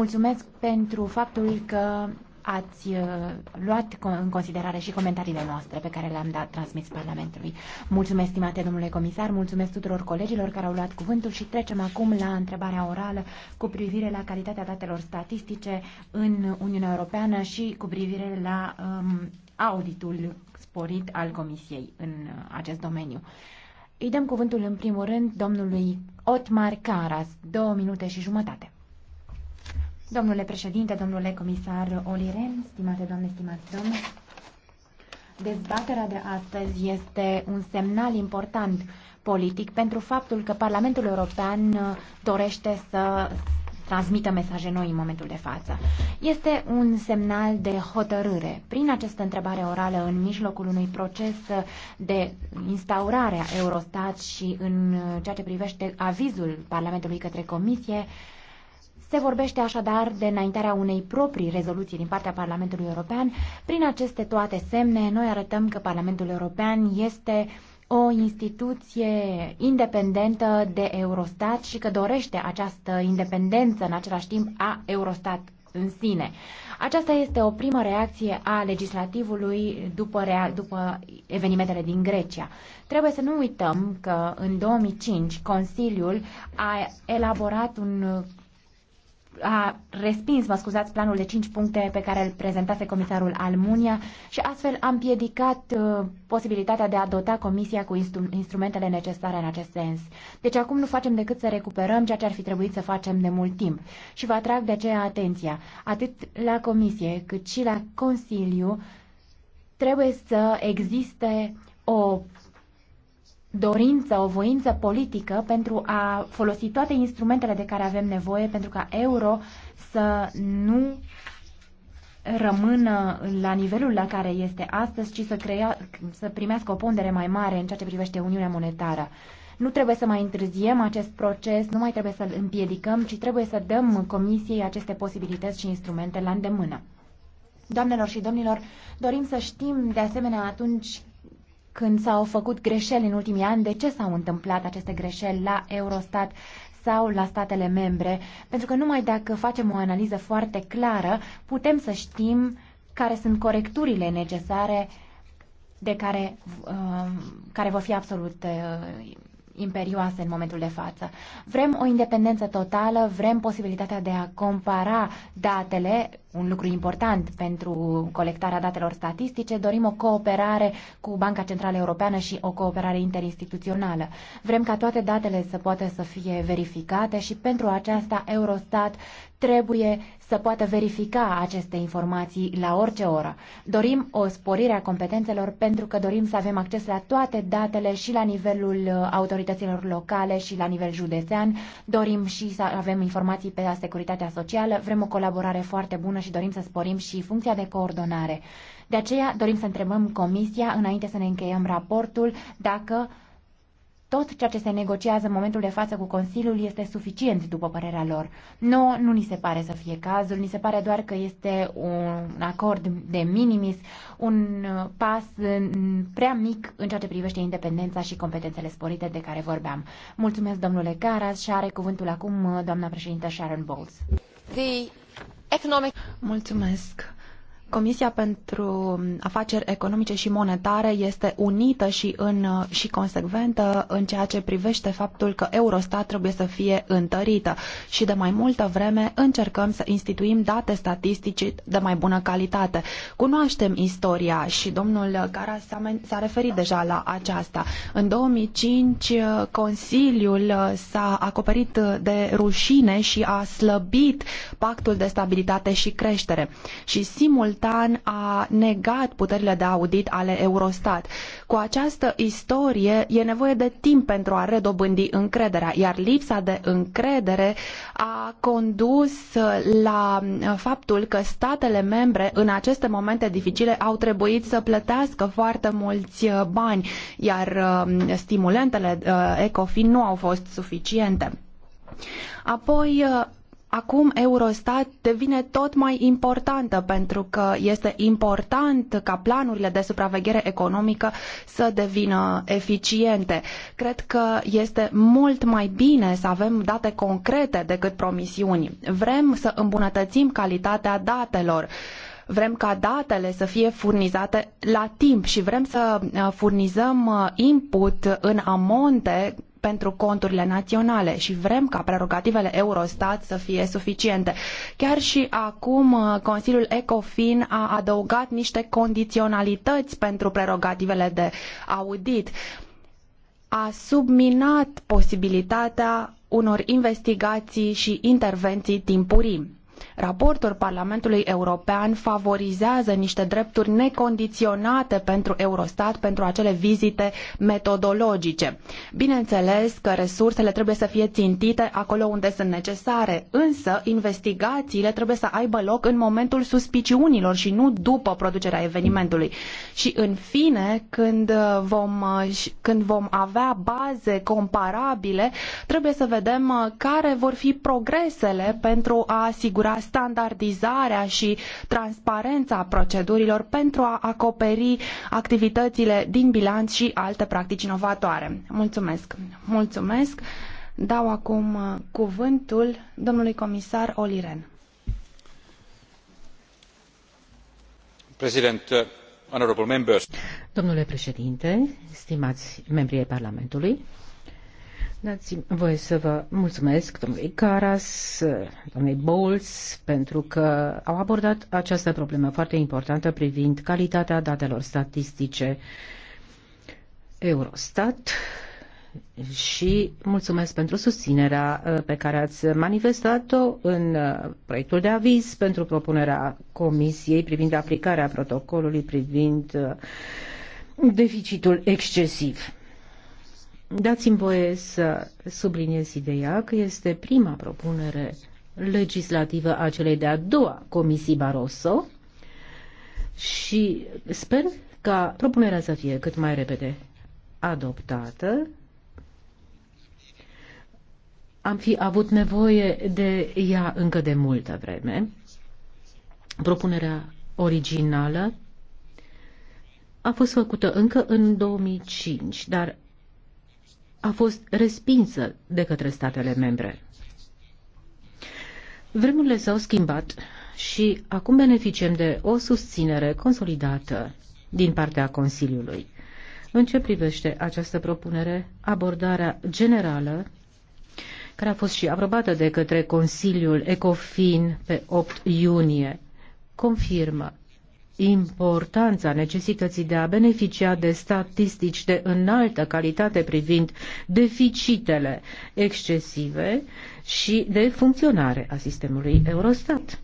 Mulțumesc pentru faptul că ați uh, luat în considerare și comentariile noastre pe care le-am dat transmis Parlamentului. Mulțumesc, stimate domnule comisar, mulțumesc tuturor colegilor care au luat cuvântul și trecem acum la întrebarea orală cu privire la calitatea datelor statistice în Uniunea Europeană și cu privire la um, auditul sporit al Comisiei în uh, acest domeniu. Îi dăm cuvântul în primul rând domnului Otmar Caras, două minute și jumătate. Domnule președinte, domnule comisar Oliren, stimate doamne, stimați domni, dezbaterea de astăzi este un semnal important politic pentru faptul că Parlamentul European dorește să transmită mesaje noi în momentul de față. Este un semnal de hotărâre. Prin această întrebare orală, în mijlocul unui proces de instaurare a Eurostat și în ceea ce privește avizul Parlamentului către Comisie, se vorbește așadar de înaintarea unei proprii rezoluții din partea Parlamentului European. Prin aceste toate semne, noi arătăm că Parlamentul European este o instituție independentă de Eurostat și că dorește această independență în același timp a Eurostat în sine. Aceasta este o primă reacție a legislativului după, rea- după evenimentele din Grecia. Trebuie să nu uităm că în 2005 Consiliul a elaborat un a respins, mă scuzați, planul de 5 puncte pe care îl prezentase comisarul Almunia și astfel a împiedicat uh, posibilitatea de a dota comisia cu instru- instrumentele necesare în acest sens. Deci acum nu facem decât să recuperăm ceea ce ar fi trebuit să facem de mult timp și vă atrag de aceea atenția, atât la comisie cât și la Consiliu trebuie să existe o dorință, o voință politică pentru a folosi toate instrumentele de care avem nevoie pentru ca euro să nu rămână la nivelul la care este astăzi, ci să, crea, să primească o pondere mai mare în ceea ce privește Uniunea Monetară. Nu trebuie să mai întârziem acest proces, nu mai trebuie să-l împiedicăm, ci trebuie să dăm Comisiei aceste posibilități și instrumente la îndemână. Doamnelor și domnilor, dorim să știm de asemenea atunci când s-au făcut greșeli în ultimii ani, de ce s-au întâmplat aceste greșeli la Eurostat sau la statele membre, pentru că numai dacă facem o analiză foarte clară, putem să știm care sunt corecturile necesare de care, uh, care vor fi absolut uh, imperioase în momentul de față. Vrem o independență totală, vrem posibilitatea de a compara datele, un lucru important pentru colectarea datelor statistice, dorim o cooperare cu Banca Centrală Europeană și o cooperare interinstituțională. Vrem ca toate datele să poată să fie verificate și pentru aceasta Eurostat trebuie să poată verifica aceste informații la orice oră. Dorim o sporire a competențelor pentru că dorim să avem acces la toate datele și la nivelul uh, autorităților locale și la nivel județean. Dorim și să avem informații pe securitatea socială. Vrem o colaborare foarte bună și dorim să sporim și funcția de coordonare. De aceea dorim să întrebăm Comisia, înainte să ne încheiem raportul, dacă tot ceea ce se negociază în momentul de față cu Consiliul este suficient, după părerea lor. Nu, nu ni se pare să fie cazul, ni se pare doar că este un acord de minimis, un uh, pas prea mic în ceea ce privește independența și competențele sporite de care vorbeam. Mulțumesc, domnule Caras, și are cuvântul acum uh, doamna președintă Sharon Bowles. The economic... Mulțumesc. Comisia pentru Afaceri Economice și Monetare este unită și, în, și consecventă în ceea ce privește faptul că Eurostat trebuie să fie întărită și de mai multă vreme încercăm să instituim date statistice de mai bună calitate. Cunoaștem istoria și domnul Cara s-a referit deja la aceasta. În 2005 Consiliul s-a acoperit de rușine și a slăbit pactul de stabilitate și creștere și simul Bhutan a negat puterile de audit ale Eurostat. Cu această istorie e nevoie de timp pentru a redobândi încrederea, iar lipsa de încredere a condus la faptul că statele membre în aceste momente dificile au trebuit să plătească foarte mulți uh, bani, iar um, stimulentele uh, ECOFIN nu au fost suficiente. Apoi, uh, Acum Eurostat devine tot mai importantă pentru că este important ca planurile de supraveghere economică să devină eficiente. Cred că este mult mai bine să avem date concrete decât promisiuni. Vrem să îmbunătățim calitatea datelor. Vrem ca datele să fie furnizate la timp și vrem să uh, furnizăm uh, input în amonte pentru conturile naționale și vrem ca prerogativele Eurostat să fie suficiente. Chiar și acum uh, Consiliul ECOFIN a adăugat niște condiționalități pentru prerogativele de audit. A subminat posibilitatea unor investigații și intervenții timpurii Raportul Parlamentului European favorizează niște drepturi necondiționate pentru Eurostat pentru acele vizite metodologice. Bineînțeles că resursele trebuie să fie țintite acolo unde sunt necesare, însă investigațiile trebuie să aibă loc în momentul suspiciunilor și nu după producerea evenimentului. Și în fine, când vom, când vom avea baze comparabile, trebuie să vedem care vor fi progresele pentru a asigura asigura standardizarea și transparența procedurilor pentru a acoperi activitățile din bilanț și alte practici inovatoare. Mulțumesc! Mulțumesc! Dau acum uh, cuvântul domnului comisar Oliren. President, uh, honorable members. Domnule președinte, stimați membrii Parlamentului, dați voi să vă mulțumesc domnului Caras, domnului Bowles, pentru că au abordat această problemă foarte importantă privind calitatea datelor statistice Eurostat și mulțumesc pentru susținerea uh, pe care ați manifestat-o în uh, proiectul de aviz pentru propunerea Comisiei privind aplicarea protocolului privind uh, deficitul excesiv. Dați-mi voie să subliniez ideea că este prima propunere legislativă a celei de-a doua Comisii Barroso și sper ca propunerea să fie cât mai repede adoptată. Am fi avut nevoie de ea încă de multă vreme. Propunerea originală a fost făcută încă în 2005, dar a fost respinsă de către statele membre. Vremurile s-au schimbat și acum beneficiem de o susținere consolidată din partea Consiliului. În ce privește această propunere, abordarea generală, care a fost și aprobată de către Consiliul ECOFIN pe 8 iunie, confirmă importanța necesității de a beneficia de statistici de înaltă calitate privind deficitele excesive și de funcționare a sistemului Eurostat.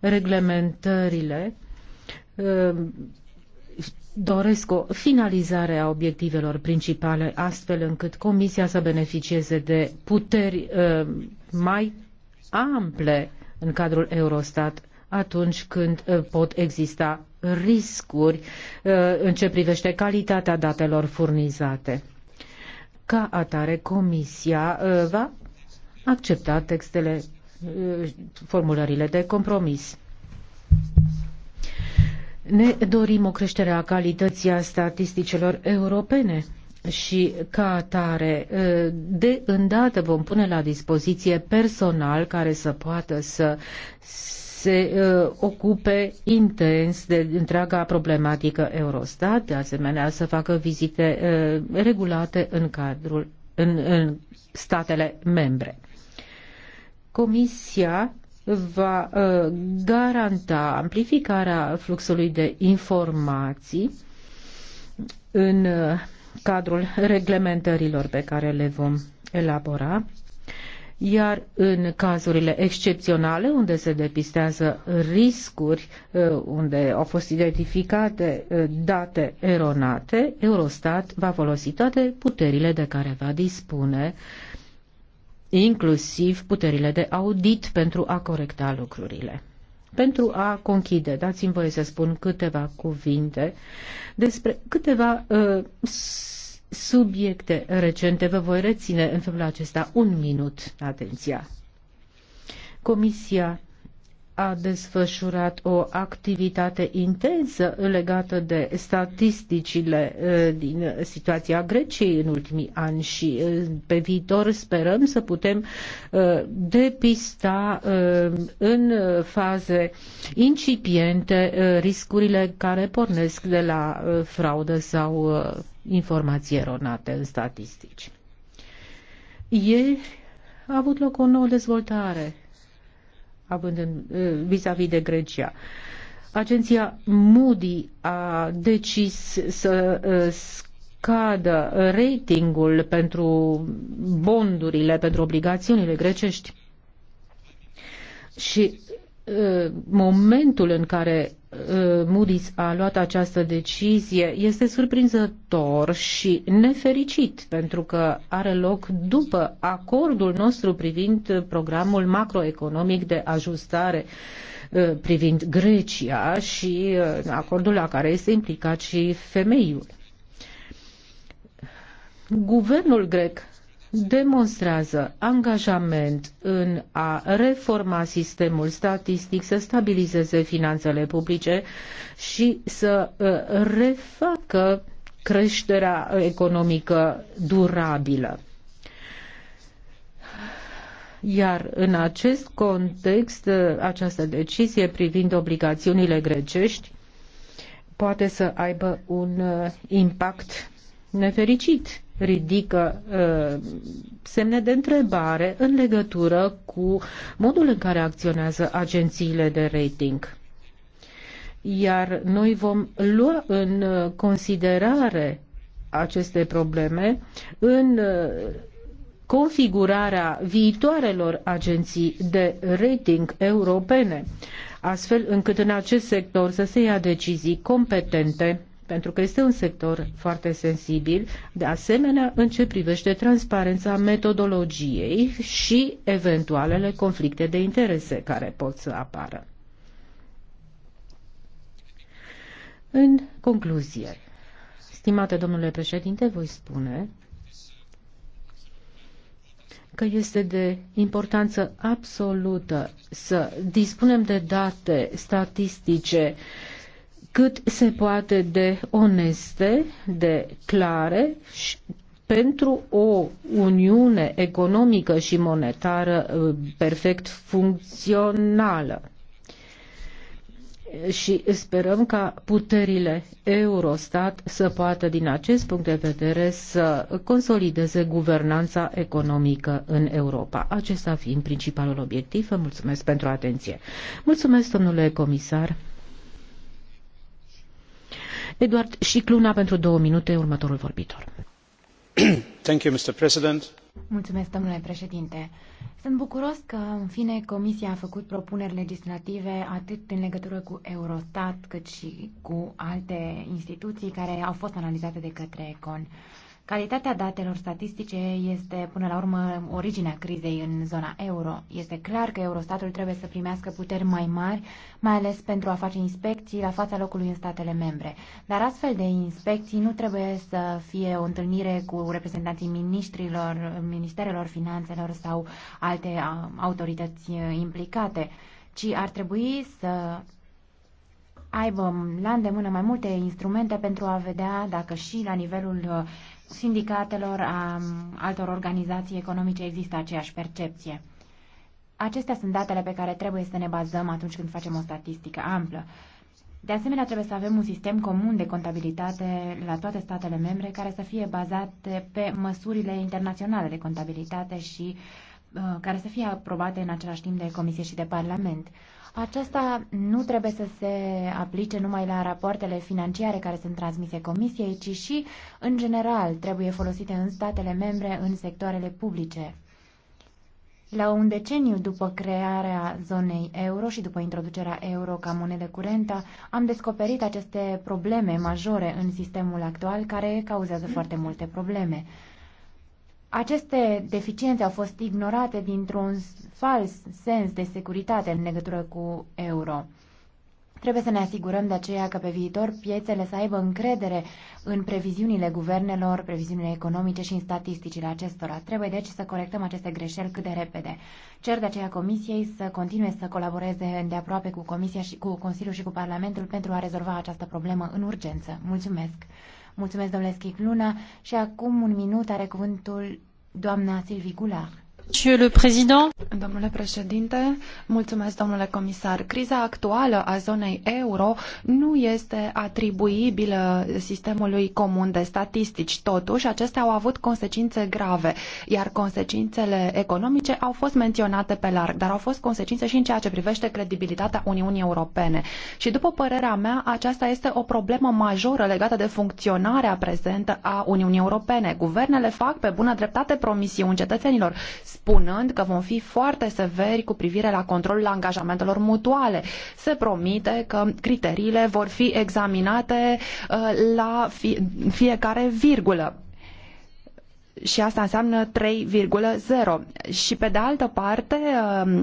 Reglementările uh, doresc o finalizare a obiectivelor principale, astfel încât Comisia să beneficieze de puteri uh, mai ample în cadrul Eurostat atunci când uh, pot exista riscuri uh, în ce privește calitatea datelor furnizate. Ca atare, Comisia uh, va accepta textele, formulările de compromis. Ne dorim o creștere a calității a statisticelor europene și ca atare de îndată vom pune la dispoziție personal care să poată să se uh, ocupe intens de întreaga problematică Eurostat, de asemenea să facă vizite uh, regulate în cadrul în, în statele membre. Comisia va uh, garanta amplificarea fluxului de informații în uh, cadrul reglementărilor pe care le vom elabora iar în cazurile excepționale unde se depistează riscuri, uh, unde au fost identificate uh, date eronate, Eurostat va folosi toate puterile de care va dispune, inclusiv puterile de audit pentru a corecta lucrurile. Pentru a conchide, dați-mi voie să spun câteva cuvinte despre câteva uh, subiecte recente. Vă voi reține în felul acesta un minut atenția. Comisia a desfășurat o activitate intensă legată de statisticile eh, din situația Greciei în ultimii ani și eh, pe viitor sperăm să putem eh, depista în faze incipiente riscurile care pornesc de la fraudă sau informații eronate în statistici. Ieri a avut loc o nouă dezvoltare având în, vis-a-vis -vis de Grecia. Agenția Moody a decis să scadă ratingul pentru bondurile, pentru obligațiunile grecești și momentul în care Uh, Moody's a luat această decizie este surprinzător și nefericit pentru că are loc după acordul nostru privind programul macroeconomic de ajustare uh, privind Grecia și uh, acordul la care este implicat și femeiul. Guvernul grec demonstrează angajament în a reforma sistemul statistic, să stabilizeze finanțele publice și să uh, refacă creșterea economică durabilă. Iar în acest context, uh, această decizie privind obligațiunile grecești poate să aibă un uh, impact nefericit ridică uh, semne de întrebare în legătură cu modul în care acționează agențiile de rating. Iar noi vom lua în considerare aceste probleme în uh, configurarea viitoarelor agenții de rating europene, astfel încât în acest sector să se ia decizii competente pentru că este un sector foarte sensibil, de asemenea în ce privește transparența metodologiei și eventualele conflicte de interese care pot să apară. În concluzie, stimate domnule președinte, voi spune că este de importanță absolută să dispunem de date statistice cât se poate de oneste, de clare și pentru o uniune economică și monetară uh, perfect funcțională. Și sperăm ca puterile Eurostat să poată, din acest punct de vedere, să consolideze guvernanța economică în Europa. Acesta fiind principalul obiectiv, vă mulțumesc pentru atenție. Mulțumesc, domnule comisar. Eduard Șicluna pentru două minute, următorul vorbitor. Thank you, Mr. President. Mulțumesc, domnule președinte. Sunt bucuros că, în fine, Comisia a făcut propuneri legislative atât în legătură cu Eurostat, cât și cu alte instituții care au fost analizate de către con. Calitatea datelor statistice este, până la urmă, originea crizei în zona euro. Este clar că Eurostatul trebuie să primească puteri mai mari, mai ales pentru a face inspecții la fața locului în statele membre. Dar astfel de inspecții nu trebuie să fie o întâlnire cu reprezentanții ministrilor, ministerelor finanțelor sau alte autorități implicate, ci ar trebui să aibă la îndemână mai multe instrumente pentru a vedea dacă și la nivelul sindicatelor, a altor organizații economice există aceeași percepție. Acestea sunt datele pe care trebuie să ne bazăm atunci când facem o statistică amplă. De asemenea, trebuie să avem un sistem comun de contabilitate la toate statele membre care să fie bazat pe măsurile internaționale de contabilitate și uh, care să fie aprobate în același timp de Comisie și de Parlament. Uh, aceasta nu trebuie să se aplice numai la rapoartele financiare care sunt transmise Comisiei, ci și, în general, trebuie folosite în statele membre în sectoarele publice. La un deceniu după crearea zonei euro și după introducerea euro ca monedă curentă, am descoperit aceste probleme majore în sistemul actual care cauzează foarte multe probleme. Aceste deficiențe au fost ignorate dintr-un fals sens de securitate în legătură cu euro. Trebuie să ne asigurăm de aceea că pe viitor piețele să aibă încredere în previziunile guvernelor, previziunile economice și în statisticile acestora. Trebuie deci să corectăm aceste greșeli cât de repede. Cer de aceea Comisiei să continue să colaboreze îndeaproape cu Comisia și cu Consiliul și cu Parlamentul pentru a rezolva această problemă în urgență. Mulțumesc! Mulțumesc, domnule Schicluna. Și acum un minut are cuvântul doamna Silvi Gular. Domnule președinte, mulțumesc, domnule comisar. Criza actuală a zonei euro nu este atribuibilă sistemului comun de statistici. Totuși, acestea au avut consecințe grave, iar consecințele economice au fost menționate pe larg, dar au fost consecințe și în ceea ce privește credibilitatea Uniunii Europene. Și după părerea mea, aceasta este o problemă majoră legată de funcționarea prezentă a Uniunii Europene. Guvernele fac pe bună dreptate promisiuni cetățenilor spunând că vom fi foarte severi cu privire la controlul angajamentelor mutuale. Se promite că criteriile vor fi examinate uh, la fiecare virgulă și asta înseamnă 3,0. Și pe de altă parte, uh,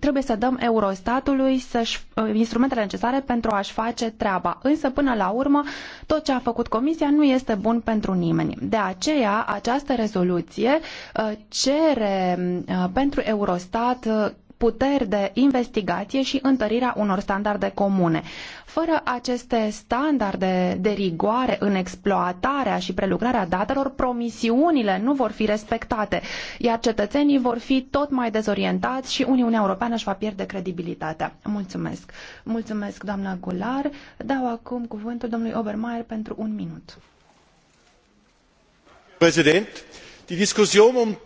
trebuie să dăm Eurostatului să-și, uh, instrumentele necesare pentru a-și face treaba. Însă, până la urmă, tot ce a făcut Comisia nu este bun pentru nimeni. De aceea, această rezoluție uh, cere uh, pentru Eurostat puteri de investigație și întărirea unor standarde comune. Fără aceste standarde de rigoare în exploatarea și prelucrarea datelor, promisiunile nu vor fi respectate, iar cetățenii vor fi tot mai dezorientați și Uniunea Europeană își va pierde credibilitatea. Mulțumesc. Mulțumesc, doamna Gular. Dau acum cuvântul domnului Obermeier pentru un minut. Președinte, die Diskussion um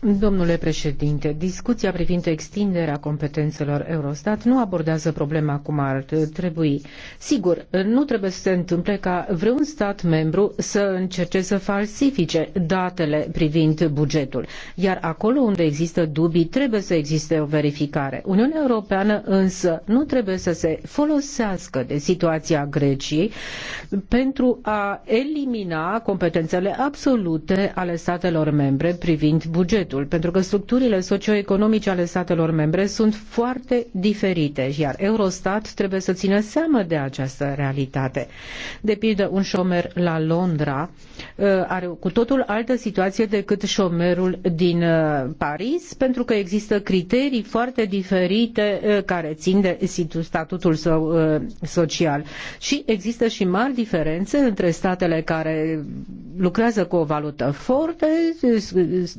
Domnule președinte, discuția privind extinderea competențelor Eurostat nu abordează problema cum ar trebui. Sigur, nu trebuie să se întâmple ca vreun stat membru să încerce să falsifice datele privind bugetul, iar acolo unde există dubii trebuie să existe o verificare. Uniunea Europeană însă nu trebuie să se folosească de situația Greciei pentru a elimina competențele absolute ale statelor membre privind bugetul bugetul, pentru că structurile socioeconomice ale statelor membre sunt foarte diferite, iar Eurostat trebuie să țină seamă de această realitate. De pildă, un șomer la Londra uh, are cu totul altă situație decât șomerul din uh, Paris, pentru că există criterii foarte diferite uh, care țin de statutul său social. Și există și mari diferențe între statele care lucrează cu o valută forte,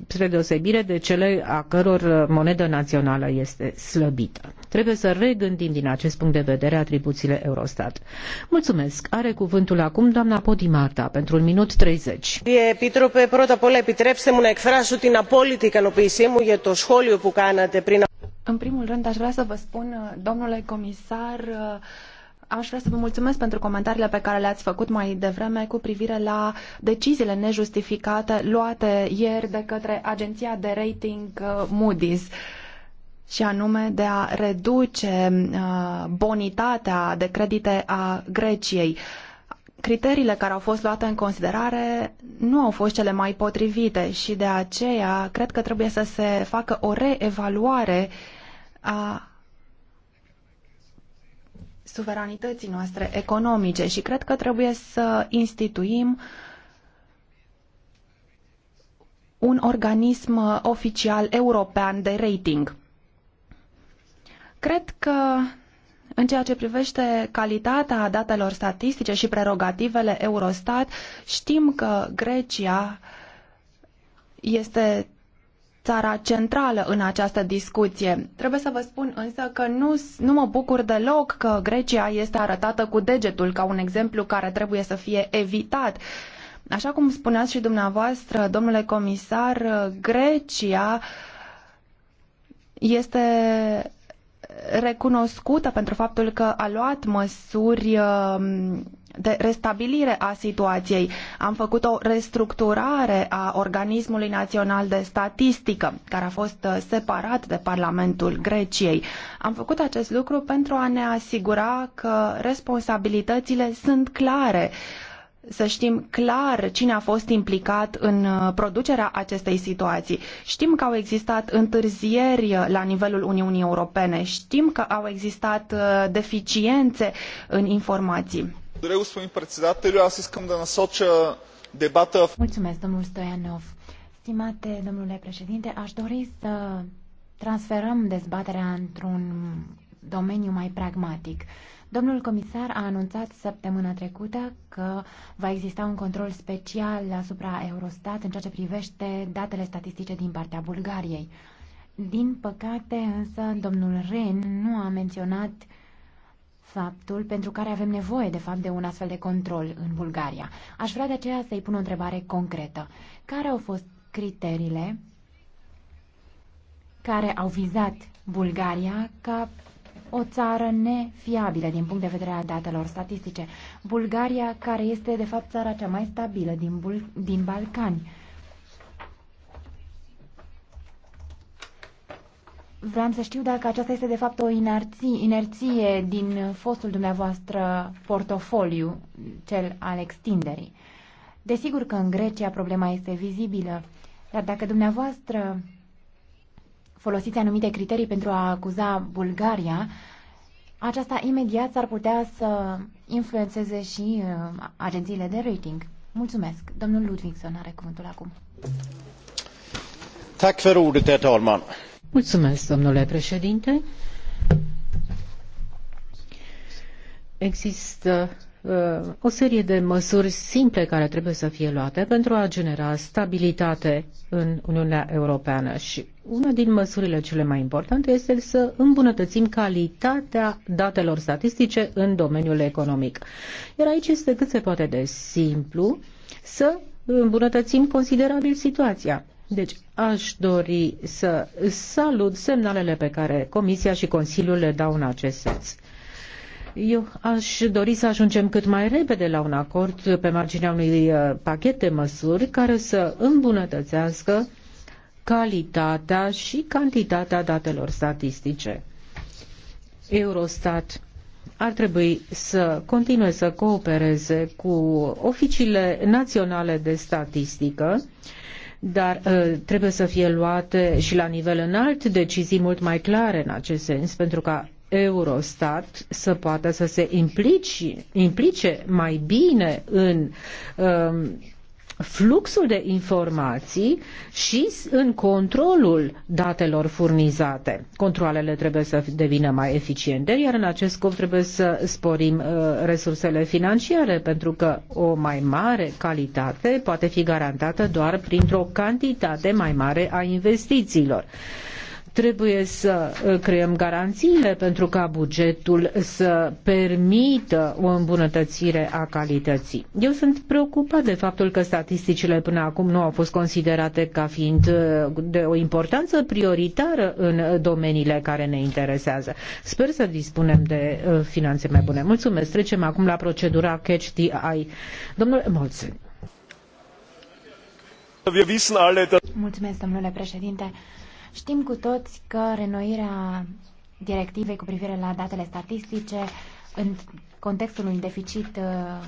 spre deosebire de cele a căror monedă națională este slăbită. Trebuie să regândim din acest punct de vedere atribuțiile Eurostat. Mulțumesc. Are cuvântul acum doamna Podimata pentru un minut 30. Επίτροπε, πρώτα απ' όλα επιτρέψτε μου να εκφράσω την απόλυτη ικανοποίησή μου για το σχόλιο που κάνατε πριν. În primul rând, aș vrea să vă spun, domnule comisar, Aș vrea să vă mulțumesc pentru comentariile pe care le-ați făcut mai devreme cu privire la deciziile nejustificate luate ieri de către agenția de rating uh, Moody's și anume de a reduce uh, bonitatea de credite a Greciei criteriile care au fost luate în considerare nu au fost cele mai potrivite și de aceea cred că trebuie să se facă o reevaluare a suveranității noastre economice și cred că trebuie să instituim un organism oficial european de rating. Cred că în ceea ce privește calitatea datelor statistice și prerogativele Eurostat, știm că Grecia este țara centrală în această discuție. Trebuie să vă spun însă că nu, nu mă bucur deloc că Grecia este arătată cu degetul ca un exemplu care trebuie să fie evitat. Așa cum spuneați și dumneavoastră, domnule comisar, Grecia este recunoscută pentru faptul că a luat măsuri um, de restabilire a situației. Am făcut o restructurare a Organismului Național de Statistică, care a fost uh, separat de Parlamentul Greciei. Am făcut acest lucru pentru a ne asigura că responsabilitățile sunt clare să știm clar cine a fost implicat în uh, producerea acestei situații. Știm că au existat întârzieri uh, la nivelul Uniunii Europene, știm că au existat deficiențe în informații господин председателю. Аз искам да насоча дебата... Mulțumesc, domnul Stoianov. Stimate domnule președinte, aș dori să transferăm dezbaterea într-un domeniu mai pragmatic. Domnul comisar a anunțat săptămâna trecută că va exista un control special asupra Eurostat în ceea ce privește datele statistice din partea Bulgariei. Din păcate, însă, domnul Ren nu a menționat uh, faptul pentru care avem nevoie, de fapt, de un astfel de control în Bulgaria. Aș vrea de aceea să-i pun o întrebare concretă. Care au fost criteriile care au vizat Bulgaria ca o țară nefiabilă din punct de vedere al datelor statistice. Bulgaria, care este de fapt țara cea mai stabilă din, Bul- din Balcani. Vreau să știu dacă aceasta este de fapt o inerție, inerție din fostul dumneavoastră portofoliu, cel al extinderii. Desigur că în Grecia problema este vizibilă, dar dacă dumneavoastră folosiți anumite criterii pentru a acuza Bulgaria, aceasta imediat ar putea să influențeze și uh, agențiile de rating. Mulțumesc. Domnul Ludvigson are cuvântul acum. Tack för ordet, herr talman. Mulțumesc, domnule președinte. Există uh, o serie de măsuri simple care trebuie să fie luate pentru a genera stabilitate în Uniunea Europeană și una din măsurile cele mai importante este să îmbunătățim calitatea datelor statistice în domeniul economic. Iar aici este cât se poate de simplu să îmbunătățim considerabil situația. Deci aș dori să salut semnalele pe care Comisia și Consiliul le dau în acest sens. Eu aș dori să ajungem cât mai repede la un acord pe marginea unui uh, pachet de măsuri care să îmbunătățească calitatea și cantitatea datelor statistice. Eurostat ar trebui să continue să coopereze cu oficiile naționale de statistică dar uh, trebuie să fie luate și la nivel înalt decizii mult mai clare în acest sens, pentru ca Eurostat să poată să se implici, implice mai bine în um, fluxul de informații și în controlul datelor furnizate. Controlele trebuie să devină mai eficiente, iar în acest scop trebuie să sporim uh, resursele financiare, pentru că o mai mare calitate poate fi garantată doar printr-o cantitate mai mare a investițiilor. Uh, Trebuie să uh, creăm garanțiile pentru ca bugetul să permită o îmbunătățire a calității. Eu sunt preocupat de faptul că statisticile până acum nu au fost considerate ca fiind uh, de o importanță prioritară în domeniile care ne interesează. Sper să dispunem de uh, finanțe mai bune. Mulțumesc. Trecem acum la procedura Catch the Eye. Domnule Molțen. Mulțumesc, domnule președinte. Știm cu toți că renoirea directivei cu privire la datele statistice în contextul unui deficit uh,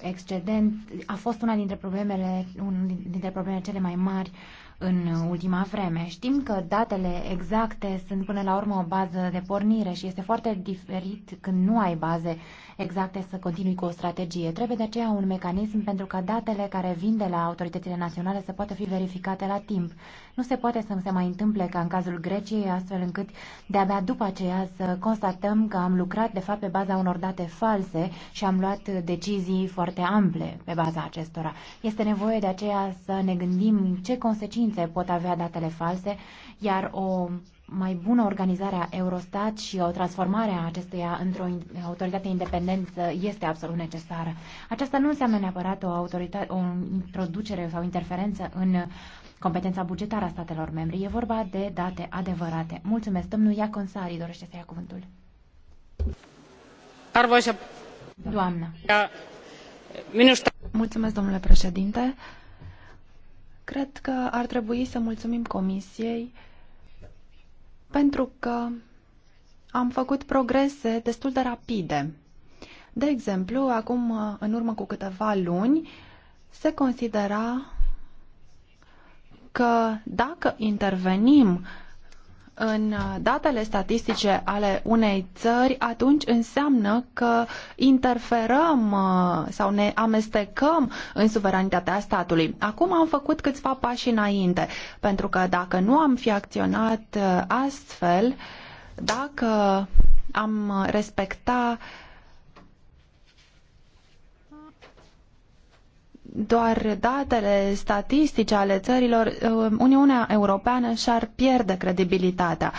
excedent a fost una dintre problemele, unul dintre problemele cele mai mari în ultima vreme. Știm că datele exacte sunt până la urmă o bază de pornire și este foarte diferit când nu ai baze exacte să continui cu o strategie. Trebuie de aceea un mecanism pentru ca datele care vin de la autoritățile naționale să poată fi verificate la timp. Nu se poate să se mai întâmple ca în cazul Greciei, astfel încât de-abia după aceea să constatăm că am lucrat de fapt pe baza unor date false și am luat decizii foarte ample pe baza acestora. Este nevoie de aceea să ne gândim ce consecințe pot avea datele false, iar o mai bună organizare a Eurostat și o transformare a acesteia într-o autoritate independentă este absolut necesară. Aceasta nu înseamnă neapărat o, autoritate, o introducere sau interferență în competența bugetară a statelor membre. E vorba de date adevărate. Mulțumesc. Domnul Sari, dorește să ia cuvântul. Arvoisa... Doamna. Minusta... Mulțumesc, domnule președinte. Cred că ar trebui să mulțumim Comisiei pentru că am făcut progrese destul de rapide. De exemplu, acum, în urmă cu câteva luni, se considera că dacă intervenim în uh, datele statistice ale unei țări, atunci înseamnă că interferăm uh, sau ne amestecăm în suveranitatea statului. Acum am făcut câțiva pași înainte, pentru că dacă nu am fi acționat uh, astfel, dacă am respecta uh, doar datele statistice ale țărilor, um, Uniunea Europeană și-ar pierde credibilitatea.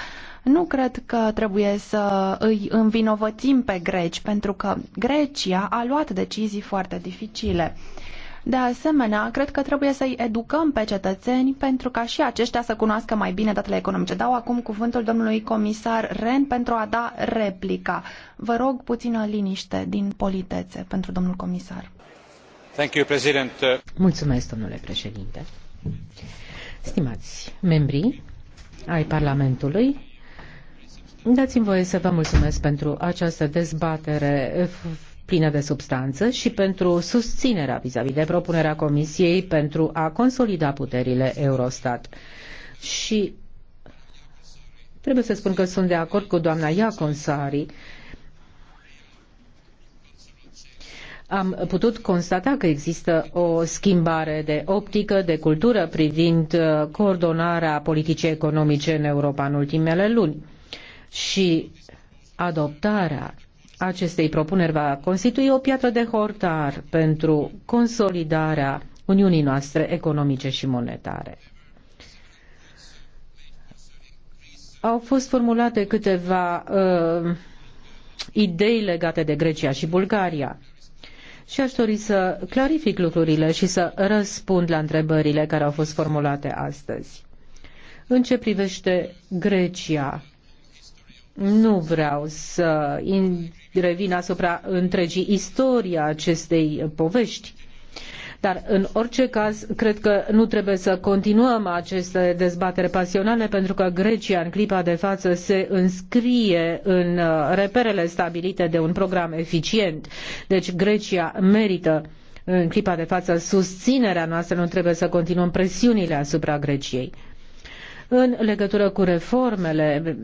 Nu cred că trebuie să îi învinovățim pe greci, pentru că Grecia a luat decizii foarte dificile. De asemenea, cred că trebuie să-i educăm pe cetățeni pentru ca și aceștia să cunoască mai bine datele economice. Dau acum cuvântul domnului comisar Ren pentru a da replica. Vă rog puțină liniște din politețe pentru domnul comisar. Mulțumesc, Stimați membri ai Parlamentului, dați-mi voie să vă mulțumesc pentru această dezbatere plină de substanță și pentru susținerea vis-a-vis de propunerea Comisiei pentru a consolida puterile Eurostat. Și trebuie să spun că sunt de acord cu doamna Iaconsari, am putut constata că există o schimbare de optică, de cultură privind uh, coordonarea politicii economice în Europa în ultimele luni. Și adoptarea acestei propuneri va constitui o piatră de hortar pentru consolidarea Uniunii noastre economice și monetare. Au fost formulate câteva uh, idei legate de Grecia și Bulgaria și aș dori să clarific lucrurile și să răspund la întrebările care au fost formulate astăzi. În ce privește Grecia, nu vreau să revin asupra întregii istoria acestei povești, dar, în orice caz, cred că nu trebuie să continuăm aceste dezbatere pasionale, pentru că Grecia, în clipa de față, se înscrie în uh, reperele stabilite de un program eficient. Deci, Grecia merită în clipa de față susținerea noastră, nu trebuie să continuăm presiunile asupra Greciei. În legătură cu reformele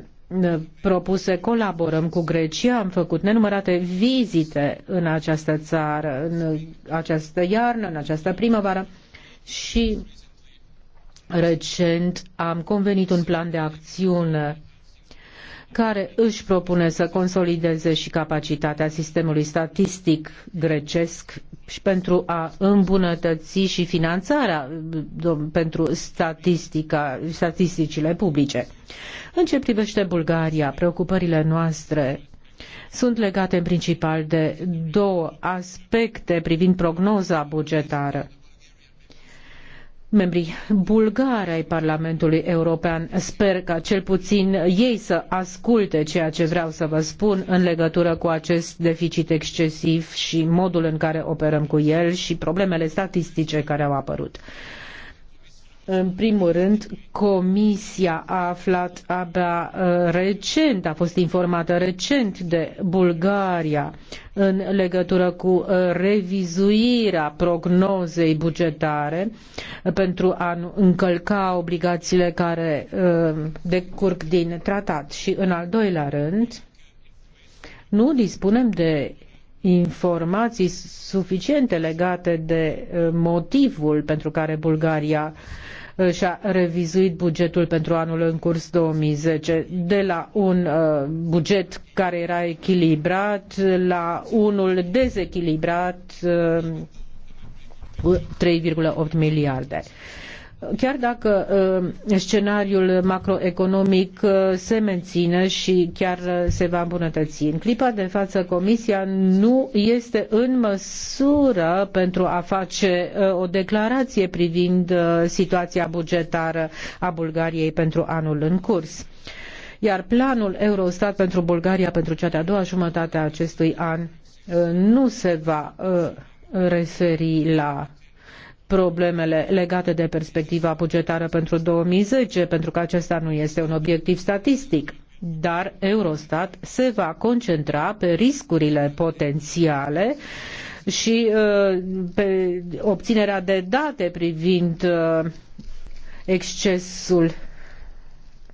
propuse, colaborăm cu Grecia, am făcut nenumărate vizite în această țară, în această iarnă, în această primăvară și recent am convenit un plan de acțiune care își propune să consolideze și capacitatea sistemului statistic grecesc și pentru a îmbunătăți și finanțarea pentru statistica, statisticile publice. În ce privește Bulgaria, preocupările noastre sunt legate în principal de două aspecte privind prognoza bugetară membrii bulgari ai Parlamentului European. Sper ca cel puțin ei să asculte ceea ce vreau să vă spun în legătură cu acest deficit excesiv și modul în care operăm cu el și problemele statistice care au apărut. În primul rând, Comisia a aflat abia uh, recent, a fost informată recent de Bulgaria în legătură cu uh, revizuirea prognozei bugetare pentru a încălca obligațiile care uh, decurg din tratat. Și în al doilea rând, nu dispunem de informații suficiente legate de motivul pentru care Bulgaria și-a revizuit bugetul pentru anul în curs 2010 de la un uh, buget care era echilibrat la unul dezechilibrat 3,8 uh, miliarde chiar dacă uh, scenariul macroeconomic uh, se menține și chiar uh, se va îmbunătăți. În clipa de față, Comisia nu este în măsură pentru a face o declarație privind situația bugetară a Bulgariei pentru anul în curs. Iar planul Eurostat pentru Bulgaria pentru cea de-a doua jumătate a acestui an nu se va referi la problemele legate de perspectiva bugetară pentru 2010, pentru că acesta nu este un obiectiv statistic. Dar Eurostat se va concentra pe riscurile potențiale și uh, pe obținerea de date privind uh, excesul,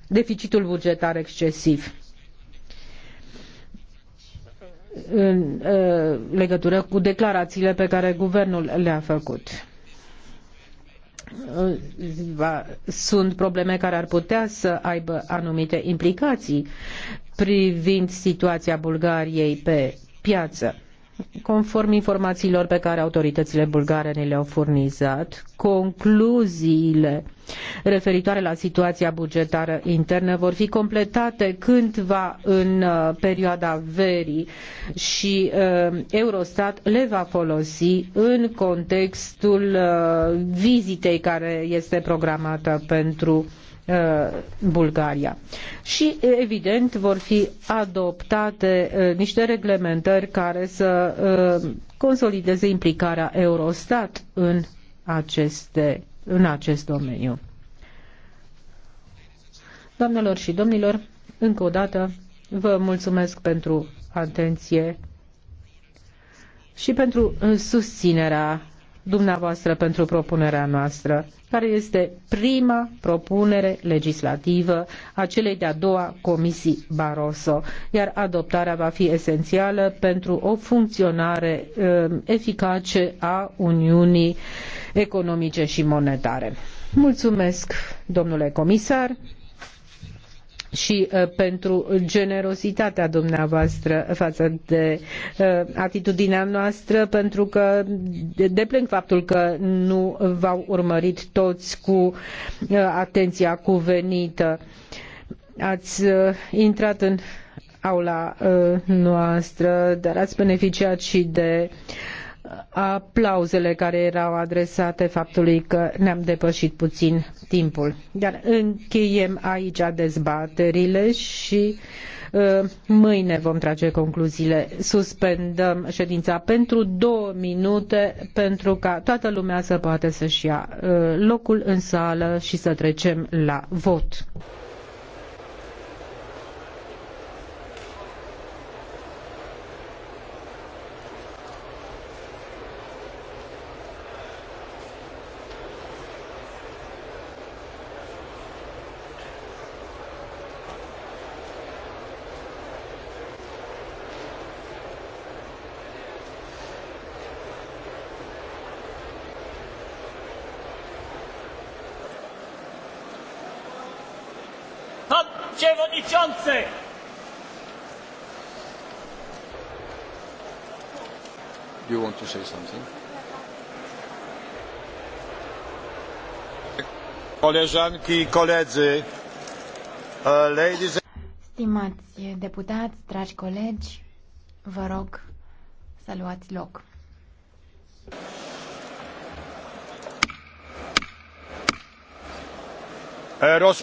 deficitul bugetar excesiv. în uh, legătură cu declarațiile pe care guvernul le-a făcut va, sunt probleme care ar putea să aibă anumite implicații privind situația Bulgariei pe piață conform informațiilor pe care autoritățile bulgare ne le-au furnizat, concluziile referitoare la situația bugetară internă vor fi completate cândva în uh, perioada verii și uh, Eurostat le va folosi în contextul uh, vizitei care este programată pentru Uh, Bulgaria. Și, evident, vor fi adoptate uh, niște reglementări care să uh, consolideze implicarea Eurostat în, aceste, în acest domeniu. Doamnelor și domnilor, încă o dată vă mulțumesc pentru atenție și pentru susținerea dumneavoastră pentru propunerea noastră, care este prima propunere legislativă a celei de-a doua comisii Barroso, iar adoptarea va fi esențială pentru o funcționare um, eficace a Uniunii economice și monetare. Mulțumesc, domnule comisar și uh, pentru generozitatea dumneavoastră față de uh, atitudinea noastră, pentru că deplâng faptul că nu v-au urmărit toți cu uh, atenția cuvenită. Ați intrat în aula noastră, dar ați beneficiat și de uh, aplauzele care erau adresate faptului că ne-am depășit puțin timpul. Dar încheiem aici dezbaterile și uh, mâine vom trage concluziile. Suspendăm ședința pentru două minute pentru ca toată lumea să poată să-și ia uh, locul în sală și să trecem la vot. Koleżanki i koledzy, ladies... Stimați deputați, dragi colegi, vă rog să luați loc. Roz